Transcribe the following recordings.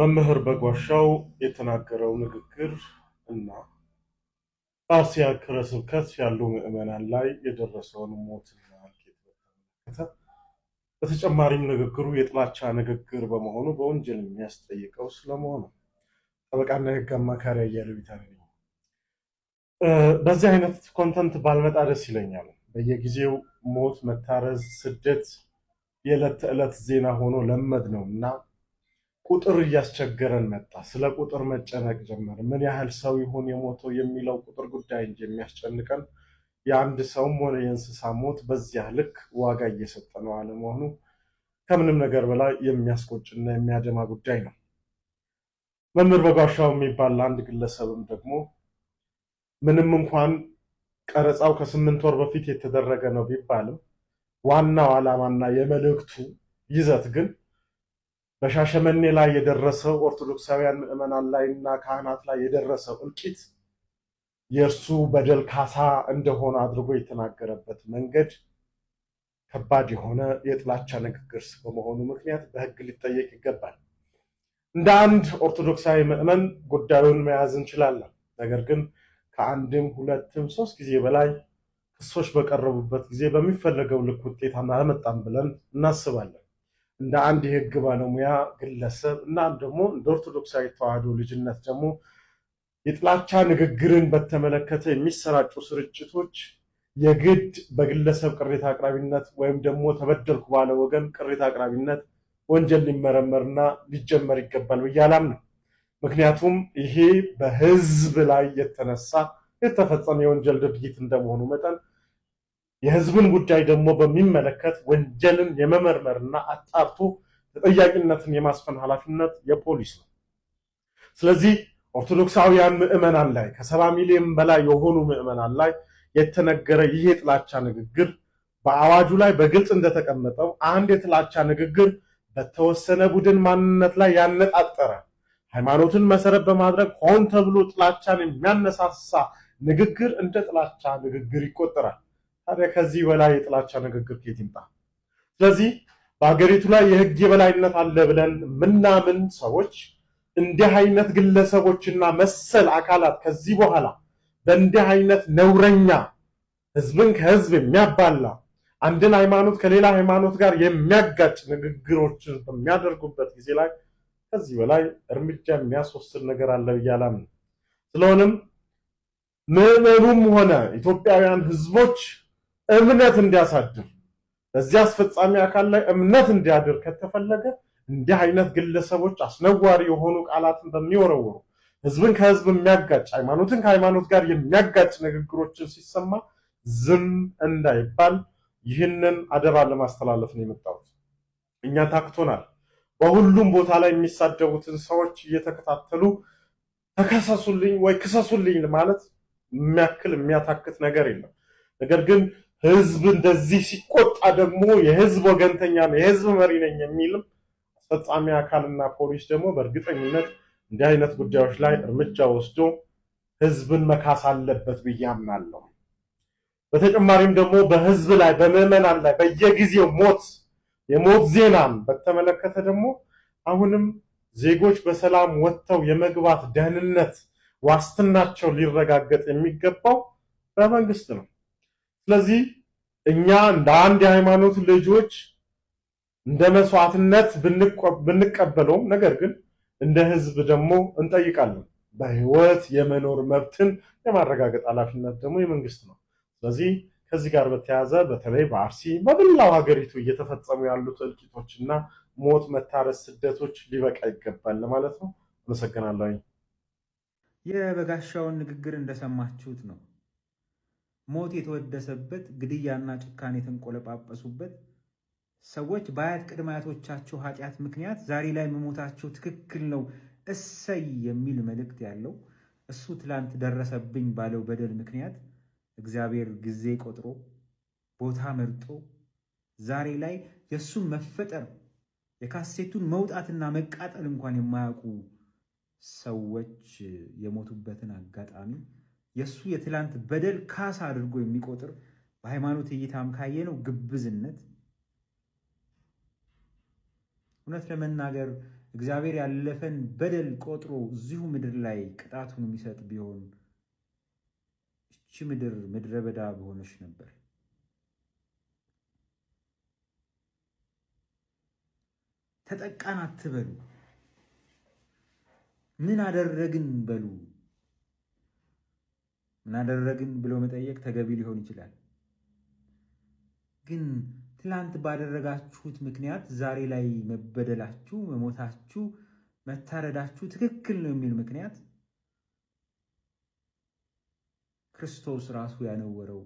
መምህር በጓሻው የተናገረው ንግግር እና በአርሲ ሀገረ ስብከት ያሉ ምዕመናን ላይ የደረሰውን ሞትና እልቂት በተመለከተ በተጨማሪም ንግግሩ የጥላቻ ንግግር በመሆኑ በወንጀል የሚያስጠይቀው ስለመሆኑ ጠበቃና የሕግ አማካሪ አያሌው ይታረኝ። በዚህ አይነት ኮንተንት ባልመጣ ደስ ይለኛል። በየጊዜው ሞት፣ መታረዝ፣ ስደት የዕለት ተዕለት ዜና ሆኖ ለመድ ነው እና ቁጥር እያስቸገረን መጣ። ስለ ቁጥር መጨነቅ ጀመር። ምን ያህል ሰው ይሁን የሞተው የሚለው ቁጥር ጉዳይ እንጂ የሚያስጨንቀን የአንድ ሰውም ሆነ የእንስሳ ሞት በዚያ ልክ ዋጋ እየሰጠ ነው አለመሆኑ ከምንም ነገር በላይ የሚያስቆጭና የሚያደማ ጉዳይ ነው። መምህር በጋሻው የሚባል አንድ ግለሰብም ደግሞ ምንም እንኳን ቀረጻው ከስምንት ወር በፊት የተደረገ ነው ቢባልም ዋናው ዓላማና የመልእክቱ ይዘት ግን በሻሸመኔ ላይ የደረሰው ኦርቶዶክሳውያን ምዕመናን ላይና ካህናት ላይ የደረሰው እልቂት የእርሱ በደል ካሳ እንደሆነ አድርጎ የተናገረበት መንገድ ከባድ የሆነ የጥላቻ ንግግር በመሆኑ ምክንያት በሕግ ሊጠየቅ ይገባል። እንደ አንድ ኦርቶዶክሳዊ ምዕመን ጉዳዩን መያዝ እንችላለን። ነገር ግን ከአንድም ሁለትም ሶስት ጊዜ በላይ ክሶች በቀረቡበት ጊዜ በሚፈለገው ልክ ውጤት አላመጣም ብለን እናስባለን። እንደ አንድ የህግ ባለሙያ ግለሰብ እናም ደግሞ እንደ ኦርቶዶክሳዊ ተዋህዶ ልጅነት ደግሞ የጥላቻ ንግግርን በተመለከተ የሚሰራጩ ስርጭቶች የግድ በግለሰብ ቅሬታ አቅራቢነት ወይም ደግሞ ተበደልኩ ባለ ወገን ቅሬታ አቅራቢነት ወንጀል ሊመረመርና ሊጀመር ይገባል ብዬ አላምንም። ምክንያቱም ይሄ በህዝብ ላይ የተነሳ የተፈጸመ የወንጀል ድርጊት እንደመሆኑ መጠን የህዝብን ጉዳይ ደግሞ በሚመለከት ወንጀልን የመመርመርና አጣርቶ ተጠያቂነትን የማስፈን ኃላፊነት የፖሊስ ነው። ስለዚህ ኦርቶዶክሳውያን ምዕመናን ላይ ከሰባ ሚሊዮን በላይ የሆኑ ምዕመናን ላይ የተነገረ ይህ የጥላቻ ንግግር በአዋጁ ላይ በግልጽ እንደተቀመጠው አንድ የጥላቻ ንግግር በተወሰነ ቡድን ማንነት ላይ ያነጣጠረ ሃይማኖትን መሰረት በማድረግ ሆን ተብሎ ጥላቻን የሚያነሳሳ ንግግር እንደ ጥላቻ ንግግር ይቆጠራል። ታዲያ ከዚህ በላይ የጥላቻ ንግግር ከየት ይምጣ? ስለዚህ በሀገሪቱ ላይ የህግ የበላይነት አለ ብለን ምናምን ሰዎች እንዲህ አይነት ግለሰቦችና መሰል አካላት ከዚህ በኋላ በእንዲህ አይነት ነውረኛ ህዝብን ከህዝብ የሚያባላ አንድን ሃይማኖት ከሌላ ሃይማኖት ጋር የሚያጋጭ ንግግሮችን በሚያደርጉበት ጊዜ ላይ ከዚህ በላይ እርምጃ የሚያስወስድ ነገር አለ ብዬ አላምንም። ስለሆነም ምዕመኑም ሆነ ኢትዮጵያውያን ህዝቦች እምነት እንዲያሳድር በዚህ አስፈጻሚ አካል ላይ እምነት እንዲያድር ከተፈለገ እንዲህ አይነት ግለሰቦች አስነዋሪ የሆኑ ቃላትን በሚወረውሩ ህዝብን ከህዝብ የሚያጋጭ ሃይማኖትን ከሃይማኖት ጋር የሚያጋጭ ንግግሮችን ሲሰማ ዝም እንዳይባል ይህንን አደራ ለማስተላለፍ ነው የመጣሁት። እኛ ታክቶናል። በሁሉም ቦታ ላይ የሚሳደቡትን ሰዎች እየተከታተሉ ተከሰሱልኝ ወይ ክሰሱልኝ ማለት የሚያክል የሚያታክት ነገር የለም። ነገር ግን ህዝብ እንደዚህ ሲቆጣ ደግሞ የህዝብ ወገንተኛ ነው የህዝብ መሪ ነኝ የሚልም አስፈጻሚ አካልና ፖሊስ ደግሞ በእርግጠኝነት እንዲህ አይነት ጉዳዮች ላይ እርምጃ ወስዶ ህዝብን መካስ አለበት ብዬ አምናለሁ። በተጨማሪም ደግሞ በህዝብ ላይ በምዕመናን ላይ በየጊዜው ሞት የሞት ዜናን በተመለከተ ደግሞ አሁንም ዜጎች በሰላም ወጥተው የመግባት ደህንነት ዋስትናቸው ሊረጋገጥ የሚገባው በመንግስት ነው። ስለዚህ እኛ እንደ አንድ የሃይማኖት ልጆች እንደ መስዋዕትነት ብንቀበለውም ነገር ግን እንደ ህዝብ ደግሞ እንጠይቃለን። በህይወት የመኖር መብትን የማረጋገጥ ኃላፊነት ደግሞ የመንግስት ነው። ስለዚህ ከዚህ ጋር በተያያዘ በተለይ በአርሲ በመላው ሀገሪቱ እየተፈጸሙ ያሉት እልቂቶች እና ሞት፣ መታረስ፣ ስደቶች ሊበቃ ይገባል ለማለት ነው። አመሰግናለሁ። የበጋሻውን ንግግር እንደሰማችሁት ነው። ሞት የተወደሰበት ግድያና ጭካኔ የተንቆለጳጳሱበት ሰዎች በአያት ቅድመ አያቶቻችሁ ኃጢአት ምክንያት ዛሬ ላይ መሞታችሁ ትክክል ነው እሰይ የሚል መልእክት ያለው እሱ ትላንት ደረሰብኝ ባለው በደል ምክንያት እግዚአብሔር ጊዜ ቆጥሮ ቦታ መርጦ ዛሬ ላይ የእሱን መፈጠር የካሴቱን መውጣትና መቃጠል እንኳን የማያውቁ ሰዎች የሞቱበትን አጋጣሚ የእሱ የትላንት በደል ካሳ አድርጎ የሚቆጥር በሃይማኖት እይታም ካየ ነው ግብዝነት። እውነት ለመናገር እግዚአብሔር ያለፈን በደል ቆጥሮ እዚሁ ምድር ላይ ቅጣቱን የሚሰጥ ቢሆን እቺ ምድር ምድረ በዳ በሆነች ነበር። ተጠቃን አትበሉ፣ ምን አደረግን በሉ። ምናደረግን ብሎ መጠየቅ ተገቢ ሊሆን ይችላል። ግን ትላንት ባደረጋችሁት ምክንያት ዛሬ ላይ መበደላችሁ፣ መሞታችሁ፣ መታረዳችሁ ትክክል ነው የሚል ምክንያት ክርስቶስ ራሱ ያነወረው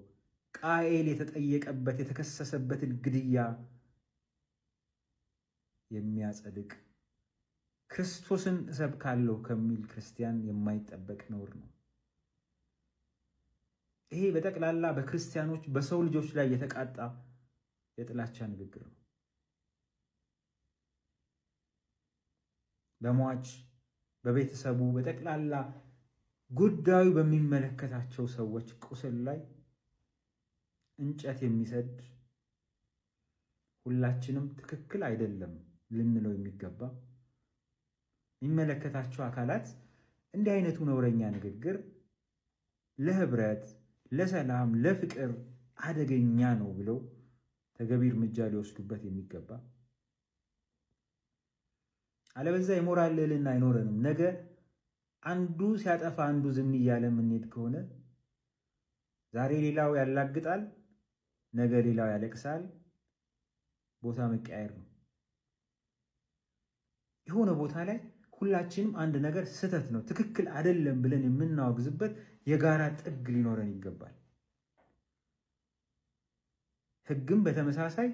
ቃኤል የተጠየቀበት የተከሰሰበትን ግድያ የሚያጸድቅ ክርስቶስን እሰብካለሁ ከሚል ክርስቲያን የማይጠበቅ ነውር ነው። ይሄ በጠቅላላ በክርስቲያኖች በሰው ልጆች ላይ የተቃጣ የጥላቻ ንግግር ነው። በሟች በቤተሰቡ በጠቅላላ ጉዳዩ በሚመለከታቸው ሰዎች ቁስል ላይ እንጨት የሚሰድ ሁላችንም ትክክል አይደለም ልንለው የሚገባ የሚመለከታቸው አካላት እንዲህ አይነቱ ነውረኛ ንግግር ለህብረት ለሰላም፣ ለፍቅር አደገኛ ነው ብለው ተገቢ እርምጃ ሊወስዱበት የሚገባ አለበዛ የሞራል ልዕልና አይኖረንም። ነገ አንዱ ሲያጠፋ አንዱ ዝም እያለ የምንሄድ ከሆነ ዛሬ ሌላው ያላግጣል፣ ነገ ሌላው ያለቅሳል። ቦታ መቀያየር ነው። የሆነ ቦታ ላይ ሁላችንም አንድ ነገር ስህተት ነው፣ ትክክል አይደለም ብለን የምናወግዝበት የጋራ ጥግ ሊኖረን ይገባል። ህግም በተመሳሳይ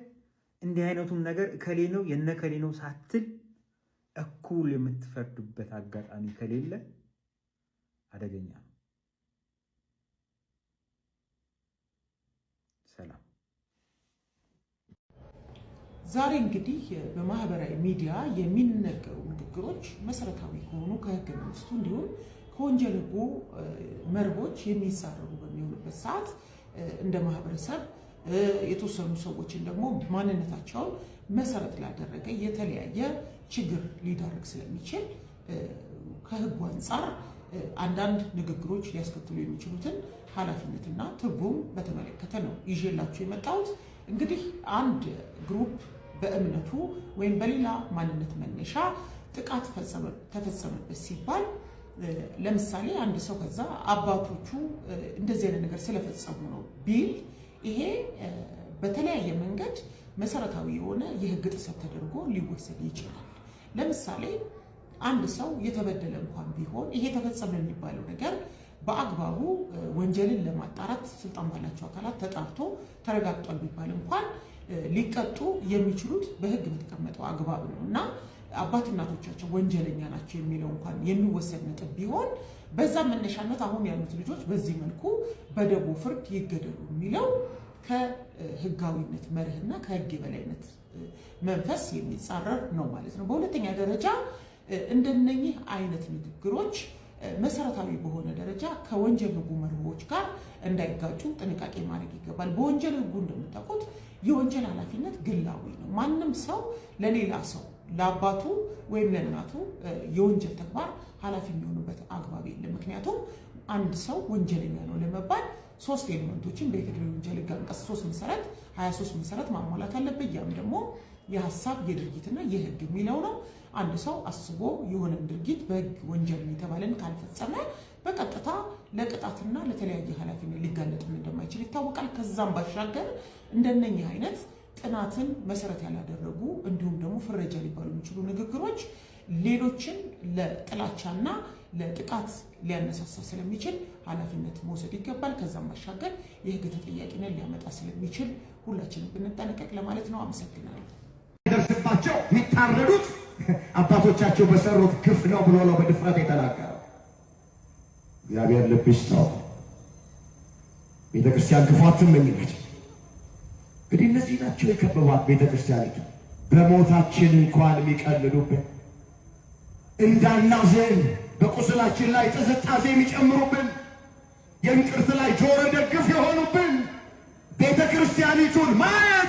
እንዲህ አይነቱን ነገር እከሌ ነው የነከሌ ነው ሳትል እኩል የምትፈርዱበት አጋጣሚ ከሌለ አደገኛ ነው። ዛሬ እንግዲህ በማህበራዊ ሚዲያ የሚነገሩ ንግግሮች መሰረታዊ ከሆኑ ከህገ መንግስቱ እንዲሁም ከወንጀል ህጉ መርቦች የሚሳረሩ በሚሆኑበት ሰዓት እንደ ማህበረሰብ የተወሰኑ ሰዎችን ደግሞ ማንነታቸውን መሰረት ላደረገ የተለያየ ችግር ሊዳረግ ስለሚችል ከህጉ አንጻር አንዳንድ ንግግሮች ሊያስከትሉ የሚችሉትን ኃላፊነትና ትርጉም በተመለከተ ነው ይዤላችሁ የመጣሁት። እንግዲህ አንድ ግሩፕ በእምነቱ ወይም በሌላ ማንነት መነሻ ጥቃት ተፈጸመበት ሲባል ለምሳሌ አንድ ሰው ከዛ አባቶቹ እንደዚህ አይነት ነገር ስለፈጸሙ ነው ቢል ይሄ በተለያየ መንገድ መሰረታዊ የሆነ የህግ ጥሰት ተደርጎ ሊወሰድ ይችላል። ለምሳሌ አንድ ሰው የተበደለ እንኳን ቢሆን ይሄ ተፈጸመ የሚባለው ነገር በአግባቡ ወንጀልን ለማጣራት ስልጣን ባላቸው አካላት ተጣርቶ ተረጋግጧል ቢባል እንኳን ሊቀጡ የሚችሉት በህግ በተቀመጠው አግባብ ነው እና አባት እናቶቻቸው ወንጀለኛ ናቸው የሚለው እንኳን የሚወሰድ ነጥብ ቢሆን በዛ መነሻነት አሁን ያሉት ልጆች በዚህ መልኩ በደቦ ፍርድ ይገደሉ የሚለው ከህጋዊነት መርህና ከህግ የበላይነት መንፈስ የሚጻረር ነው ማለት ነው። በሁለተኛ ደረጃ እንደነኚህ አይነት ንግግሮች መሰረታዊ በሆነ ደረጃ ከወንጀል ህጉ መርሆች ጋር እንዳይጋጩ ጥንቃቄ ማድረግ ይገባል። በወንጀል ህጉ እንደምታውቁት የወንጀል ኃላፊነት ግላዊ ነው። ማንም ሰው ለሌላ ሰው ለአባቱ ወይም ለእናቱ የወንጀል ተግባር ኃላፊ የሚሆኑበት አግባብ የለም። ምክንያቱም አንድ ሰው ወንጀለኛ ነው ለመባል ሶስት ኤሌመንቶችን በኢፌዴሪ ወንጀል ሕግ አንቀጽ ሶስት መሰረት ሀያ ሶስት መሰረት ማሟላት አለበት። ያም ደግሞ የሀሳብ የድርጊትና የህግ የሚለው ነው። አንድ ሰው አስቦ የሆነን ድርጊት በህግ ወንጀል የተባለን ካልፈጸመ በቀጥታ ለቅጣትና ለተለያየ ኃላፊነት ሊጋለጥም እንደማይችል ይታወቃል። ከዛም ባሻገር እንደነኚህ አይነት ጥናትን መሰረት ያላደረጉ እንዲሁም ደግሞ ፍረጃ ሊባሉ የሚችሉ ንግግሮች ሌሎችን ለጥላቻና ለጥቃት ሊያነሳሳ ስለሚችል ኃላፊነት መውሰድ ይገባል። ከዛም ባሻገር የህግ ተጠያቂነት ሊያመጣ ስለሚችል ሁላችንም ብንጠነቀቅ ለማለት ነው። አመሰግናለሁ። ደርስባቸው የሚታረዱት አባቶቻቸው በሰሩት ክፍ ነው ብሎ ነው በድፍረት የተናገረ እግዚአብሔር ልብ ይስጠው። ቤተክርስቲያን ክፏትም የሚመች እንግዲህ እነዚህ ናቸው የከበቧት ቤተክርስቲያኒቱ። በሞታችን እንኳን የሚቀልዱብን እንዳናዘን በቁስላችን ላይ ጥዝጣዜ የሚጨምሩብን የእንቅርት ላይ ጆሮ ደግፍ የሆኑብን ቤተ ክርስቲያኒቱን ማያ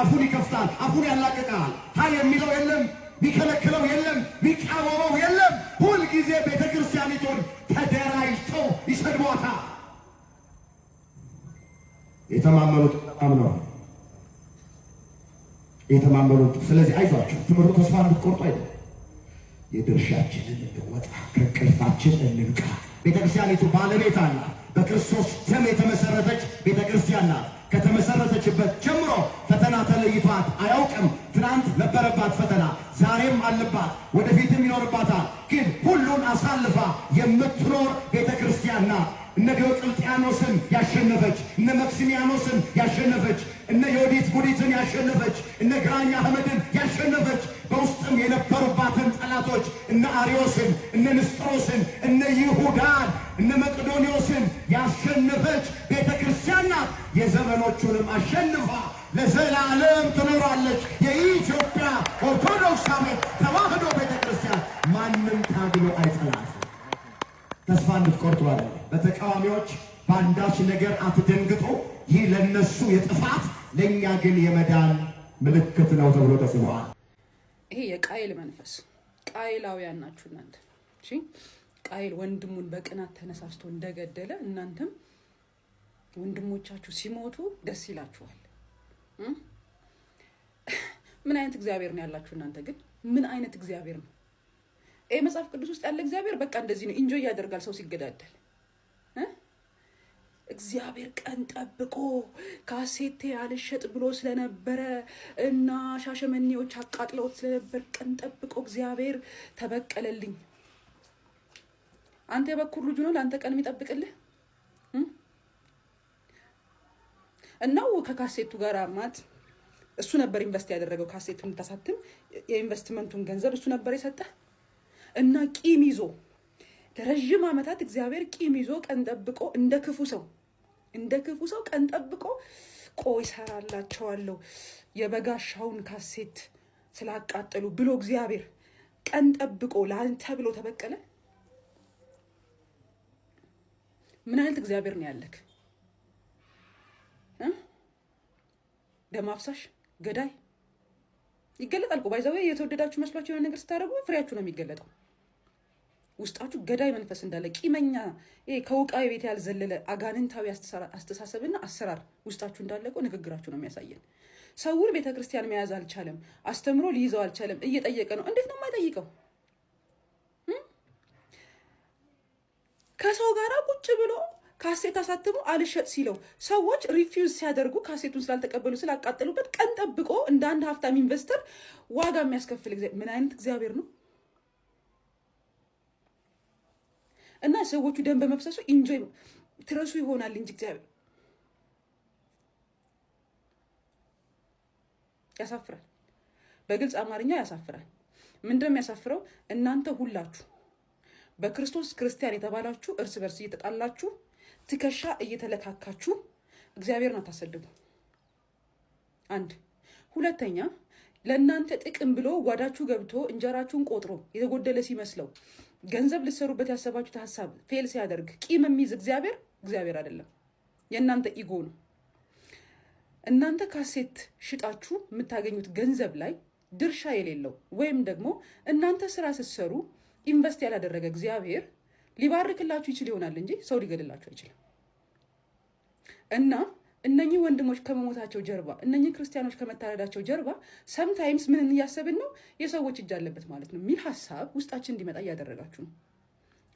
አፉን ይከፍታል፣ አፉን ያላቅቃል። ሀይ የሚለው የለም፣ ሚከለክለው የለም፣ ሚቃወመው የለም። ሁልጊዜ ቤተ ክርስቲያኒቱን ተደራጅተው ይሰድቧታል። የተማመኑት አምነዋል፣ የተማመኑት ስለዚህ አይዟቸው። ትምህርቱ ተስፋ እንድትቆርጡ አይደለም። የድርሻችንን እንወጣ፣ ከእንቅልፋችን እንንቃ። ቤተክርስቲያኒቱ ባለቤት አላት። በክርስቶስ ደም የተመሰረተች ቤተክርስቲያን ናት። ከተመሰረተችበት ጀምሮ ለይቷት አያውቅም። ትናንት ነበረባት ፈተና፣ ዛሬም አለባት፣ ወደፊትም ይኖርባታል። ግን ሁሉን አሳልፋ የምትኖር ቤተ ክርስቲያን ናት። እነ ዲዮቅልጥያኖስን ያሸነፈች፣ እነ መክሲሚያኖስን ያሸነፈች፣ እነ ዮዲት ጉዲትን ያሸነፈች፣ እነ ግራኝ አህመድን ያሸነፈች፣ በውስጥም የነበሩባትን ጠላቶች እነ አሪዮስን፣ እነ ንስጥሮስን ሻሜ ተዋህዶ ቤተክርስቲያን ማንም ታግሎ አይጠላት። ተስፋ እንድትቆርጡ አይደለም። በተቃዋሚዎች በአንዳች ነገር አትደንግጡ። ይህ ለነሱ የጥፋት ለእኛ ግን የመዳን ምልክት ነው ተብሎ ተጽፏል። ይሄ የቃይል መንፈስ ቃይላውያን ናችሁ እናንተ። ቃይል ወንድሙን በቅናት ተነሳስቶ እንደገደለ እናንተም ወንድሞቻችሁ ሲሞቱ ደስ ይላችኋል። ምን አይነት እግዚአብሔር ነው ያላችሁ እናንተ ግን? ምን አይነት እግዚአብሔር ነው ይሄ? መጽሐፍ ቅዱስ ውስጥ ያለ እግዚአብሔር በቃ እንደዚህ ነው፣ ኢንጆይ ያደርጋል ሰው ሲገዳደል። እግዚአብሔር ቀን ጠብቆ ካሴቴ አልሸጥ ብሎ ስለነበረ እና ሻሸመኔዎች አቃጥለውት ስለነበር ቀን ጠብቆ እግዚአብሔር ተበቀለልኝ። አንተ የበኩር ልጁ ነው ለአንተ ቀን የሚጠብቅልህ እናው ከካሴቱ ጋር ማት እሱ ነበር ኢንቨስት ያደረገው ካሴት እንድታሳትም የኢንቨስትመንቱን ገንዘብ እሱ ነበር የሰጠ እና ቂም ይዞ ለረዥም ዓመታት እግዚአብሔር ቂም ይዞ ቀን ጠብቆ እንደ ክፉ ሰው እንደ ክፉ ሰው ቀን ጠብቆ ቆ ይሰራላቸዋለሁ የበጋሻውን ካሴት ስላቃጠሉ ብሎ እግዚአብሔር ቀን ጠብቆ ለአንተ ብሎ ተበቀለ። ምን አይነት እግዚአብሔር ነው ያለክ? ደም አፍሳሽ ገዳይ ይገለጣል። ባይዛዊ የተወደዳችሁ መስሏችሁ የሆነ ነገር ስታደርጉ ፍሬያችሁ ነው የሚገለጠው። ውስጣችሁ ገዳይ መንፈስ እንዳለ፣ ቂመኛ፣ ከውቃዊ ቤት ያልዘለለ አጋንንታዊ አስተሳሰብና አሰራር ውስጣችሁ እንዳለ ንግግራችሁ ነው የሚያሳየን። ሰውን ቤተክርስቲያን መያዝ አልቻለም፣ አስተምሮ ሊይዘው አልቻለም። እየጠየቀ ነው። እንዴት ነው የማይጠይቀው? ከሰው ጋር ቁጭ ብሎ ካሴት አሳትሞ አልሸጥ ሲለው ሰዎች ሪፊውዝ ሲያደርጉ ካሴቱን ስላልተቀበሉ ስላቃጠሉበት ቀን ጠብቆ እንደ አንድ ሀብታም ኢንቨስተር ዋጋ የሚያስከፍል ምን አይነት እግዚአብሔር ነው? እና ሰዎቹ ደም በመፍሰሱ ኢንጆይ ትረሱ ይሆናል እንጂ እግዚአብሔር ያሳፍራል። በግልጽ አማርኛ ያሳፍራል። ምንድን ነው የሚያሳፍረው? እናንተ ሁላችሁ በክርስቶስ ክርስቲያን የተባላችሁ እርስ በርስ እየተጣላችሁ ትከሻ እየተለካካችሁ እግዚአብሔርን አታሰድቡ። አንድ ሁለተኛ ለእናንተ ጥቅም ብሎ ጓዳችሁ ገብቶ እንጀራችሁን ቆጥሮ የተጎደለ ሲመስለው ገንዘብ ልትሰሩበት ያሰባችሁት ሀሳብ ፌል ሲያደርግ ቂም የሚይዝ እግዚአብሔር እግዚአብሔር አይደለም፣ የእናንተ ኢጎ ነው። እናንተ ካሴት ሽጣችሁ የምታገኙት ገንዘብ ላይ ድርሻ የሌለው ወይም ደግሞ እናንተ ስራ ስትሰሩ ኢንቨስት ያላደረገ እግዚአብሔር ሊባርክላችሁ ይችል ይሆናል እንጂ ሰው ሊገድላችሁ አይችልም። እና እነኚህ ወንድሞች ከመሞታቸው ጀርባ እነኚህ ክርስቲያኖች ከመታረዳቸው ጀርባ ሰምታይምስ ምን እያሰብን ነው? የሰዎች እጅ አለበት ማለት ነው የሚል ሀሳብ ውስጣችን እንዲመጣ እያደረጋችሁ ነው።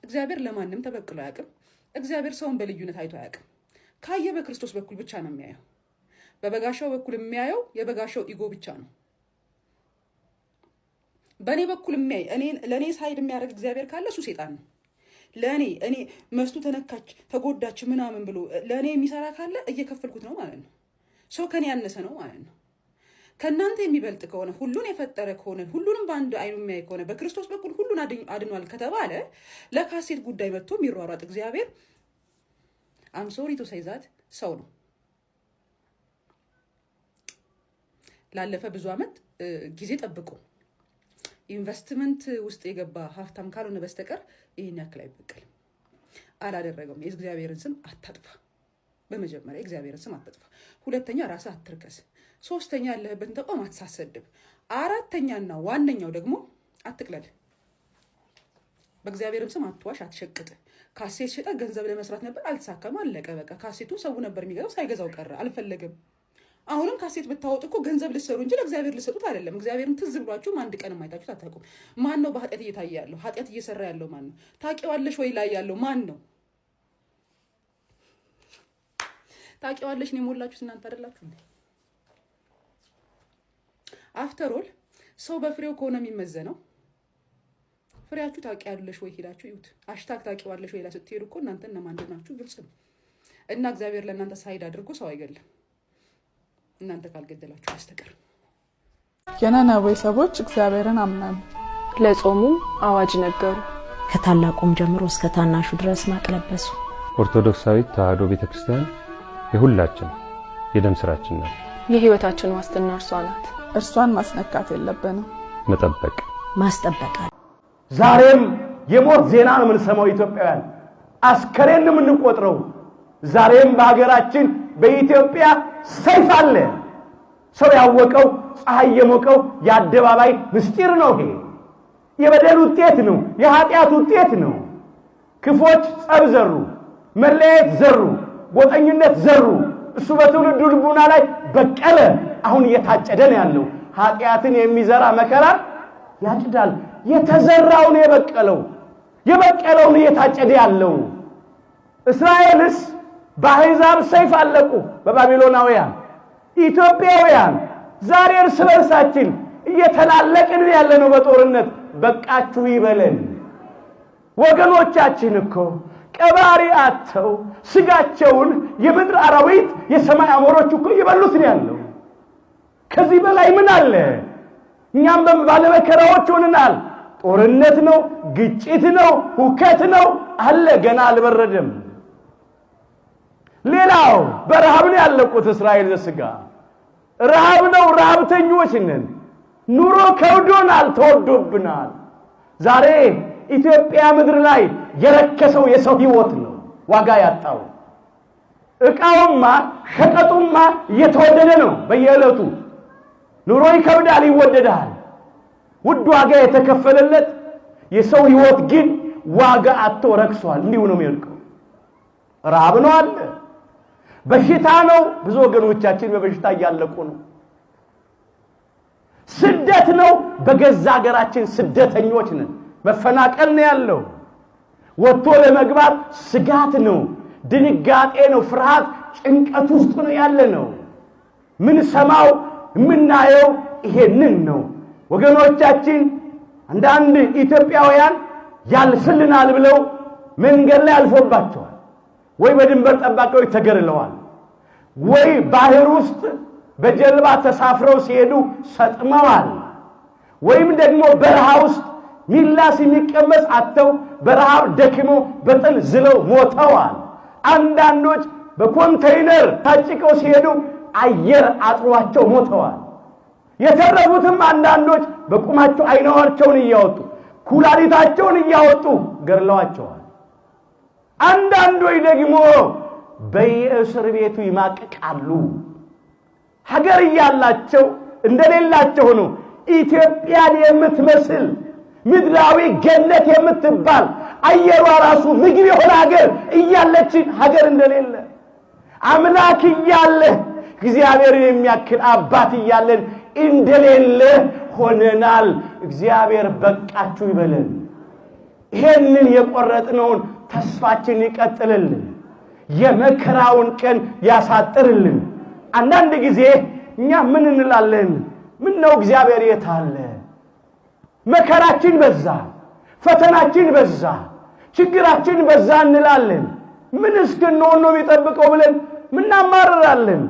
እግዚአብሔር ለማንም ተበቅሎ አያውቅም። እግዚአብሔር ሰውን በልዩነት አይቶ አያውቅም። ካየ በክርስቶስ በኩል ብቻ ነው የሚያየው። በበጋሻው በኩል የሚያየው የበጋሻው ኢጎ ብቻ ነው። በእኔ በኩል የሚያይ ለእኔ ሳይድ የሚያደርግ እግዚአብሔር ካለ እሱ ሴጣን ነው። ለእኔ እኔ መስቱ ተነካች ተጎዳች ምናምን ብሎ ለእኔ የሚሰራ ካለ እየከፈልኩት ነው ማለት ነው። ሰው ከኔ ያነሰ ነው ማለት ነው። ከእናንተ የሚበልጥ ከሆነ ሁሉን የፈጠረ ከሆነ ሁሉንም በአንድ አይኑ የሚያይ ከሆነ በክርስቶስ በኩል ሁሉን አድኗል ከተባለ ለካሴት ጉዳይ መጥቶ የሚሯሯጥ እግዚአብሔር አምሶሪቱ ሳይዛት ሰው ነው። ላለፈ ብዙ ዓመት ጊዜ ጠብቆ ኢንቨስትመንት ውስጥ የገባ ሀብታም ካልሆነ በስተቀር ይህን ያክል አይበቀልም። አላደረገውም። የእግዚአብሔርን ስም አታጥፋ። በመጀመሪያ የእግዚአብሔርን ስም አታጥፋ። ሁለተኛ ራስ አትርከስ። ሶስተኛ ያለህበትን ተቋም አትሳሰድብ። አራተኛና ዋነኛው ደግሞ አትቅለል። በእግዚአብሔርም ስም አትዋሽ፣ አትሸቅጥ። ካሴት ሸጠ ገንዘብ ለመስራት ነበር፣ አልተሳካም፣ አለቀ በቃ። ካሴቱ ሰው ነበር የሚገዛው፣ ሳይገዛው ቀረ፣ አልፈለግም። አሁንም ካሴት ብታወጡ እኮ ገንዘብ ልሰሩ እንጂ ለእግዚአብሔር ልሰጡት አይደለም። እግዚአብሔርን ትዝ ብሏችሁም አንድ ቀን ማይታችሁት አታውቁም። ማን ነው በኃጢአት እየታየ ያለው? ኃጢአት እየሰራ ያለው ማን ነው? ታውቂዋለሽ ወይ ላይ ያለው ማን ነው? ታውቂዋለሽ ነው የሞላችሁት እናንተ አይደላችሁ። አፍተሮል ሰው በፍሬው ከሆነ የሚመዘነው ፍሬያችሁ ታውቂያለሽ ወይ? ሄዳችሁ ይሁት አሽታግ ታውቂዋለሽ ወይ? ላይ ስትሄዱ እኮ እናንተ እነማን እንደሆናችሁ ግልጽ ነው። እና እግዚአብሔር ለእናንተ ሳይድ አድርጎ ሰው አይገለም። እናንተ ካልገደላችሁ በስተቀር። የነነዌ ሰዎች እግዚአብሔርን አምናሉ። ለጾሙ አዋጅ ነገሩ። ከታላቁም ጀምሮ እስከ ታናሹ ድረስ ማቅ ለበሱ። ኦርቶዶክሳዊት ተዋሕዶ ቤተ ክርስቲያን የሁላችን የደም ስራችን ናት። የህይወታችን ዋስትና እርሷ ናት። እርሷን ማስነካት የለብንም። መጠበቅ ማስጠበቃል። ዛሬም የሞት ዜና ነው የምንሰማው ኢትዮጵያውያን አስከሬን የምንቆጥረው ዛሬም በሀገራችን በኢትዮጵያ ሰይፍ አለ። ሰው ያወቀው ፀሐይ የሞቀው የአደባባይ ምስጢር ነው። ይሄ የበደል ውጤት ነው። የኃጢአት ውጤት ነው። ክፎች ጸብ ዘሩ፣ መለያየት ዘሩ፣ ጎጠኝነት ዘሩ። እሱ በትውልዱ ልቡና ላይ በቀለ። አሁን እየታጨደ ነው ያለው። ኃጢአትን የሚዘራ መከራ ያጭዳል። የተዘራውን የበቀለው የበቀለውን እየታጨደ ያለው እስራኤልስ በአሕዛብ ሰይፍ አለቁ በባቢሎናውያን ኢትዮጵያውያን ዛሬ እርስ በርሳችን እየተላለቅን ያለ ነው በጦርነት በቃችሁ ይበለን ወገኖቻችን እኮ ቀባሪ አጥተው ስጋቸውን የምድር አራዊት የሰማይ አሞሮች እኮ እየበሉት ነው ያለው ከዚህ በላይ ምን አለ እኛም ባለመከራዎች ሆንናል ጦርነት ነው ግጭት ነው ሁከት ነው አለ ገና አልበረደም ሌላው በረሃብ ነው ያለቁት እስራኤል ዘስጋ ረሃብ ነው። ረሃብተኞች ነን። ኑሮ ከብዶናል፣ ተወዶብናል። ዛሬ ኢትዮጵያ ምድር ላይ የረከሰው የሰው ህይወት ነው ዋጋ ያጣው። እቃውማ ሸቀጡማ እየተወደደ ነው በየዕለቱ። ኑሮ ይከብዳል፣ ይወደዳል። ውድ ዋጋ የተከፈለለት የሰው ህይወት ግን ዋጋ አጥቶ ረክሷል። እንዲሁ ነው የሚወድቀው። ረሃብ ነው አለ በሽታ ነው። ብዙ ወገኖቻችን በበሽታ እያለቁ ነው። ስደት ነው። በገዛ ሀገራችን ስደተኞች ነን። መፈናቀል ነው ያለው። ወጥቶ ለመግባት ስጋት ነው፣ ድንጋጤ ነው፣ ፍርሃት፣ ጭንቀት ውስጥ ነው ያለ ነው። ምን ሰማው የምናየው ይሄንን ነው ወገኖቻችን። አንዳንድ ኢትዮጵያውያን ያልፍልናል ብለው መንገድ ላይ አልፎባቸዋል። ወይ በድንበር ጠባቂዎች ተገድለዋል፣ ወይ ባህር ውስጥ በጀልባ ተሳፍረው ሲሄዱ ሰጥመዋል፣ ወይም ደግሞ በረሃ ውስጥ ሚላስ የሚቀመስ አጥተው በረሃብ ደክመው በጥል ዝለው ሞተዋል። አንዳንዶች በኮንቴይነር ታጭቀው ሲሄዱ አየር አጥሯቸው ሞተዋል። የተረፉትም አንዳንዶች በቁማቸው አይናቸውን እያወጡ ኩላሊታቸውን እያወጡ ገድለዋቸዋል። አንዳንዶች ደግሞ በየእስር ቤቱ ይማቅቃሉ። ሀገር እያላቸው እንደሌላቸው ሆኖ ኢትዮጵያን የምትመስል ምድራዊ ገነት የምትባል አየሯ ራሱ ምግብ የሆነ ሀገር እያለችን ሀገር እንደሌለ አምላክ እያለ እግዚአብሔርን የሚያክል አባት እያለን እንደሌለ ሆነናል። እግዚአብሔር በቃችሁ ይበለን። ይሄንን የቆረጥነውን ተስፋችን ይቀጥልልን፣ የመከራውን ቀን ያሳጥርልን። አንዳንድ ጊዜ እኛ ምን እንላለን? ምን ነው እግዚአብሔር የት አለ? መከራችን በዛ፣ ፈተናችን በዛ፣ ችግራችን በዛ እንላለን። ምን እስክንሆን ነው የሚጠብቀው ብለን ምናማርራለን፣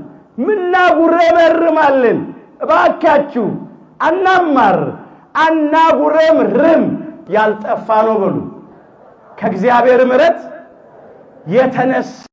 ምናጉረመርማለን። እባካችሁ አናማር፣ አናጉረምርም። ያልጠፋ ነው በሉ ከእግዚአብሔር ምረት የተነሳ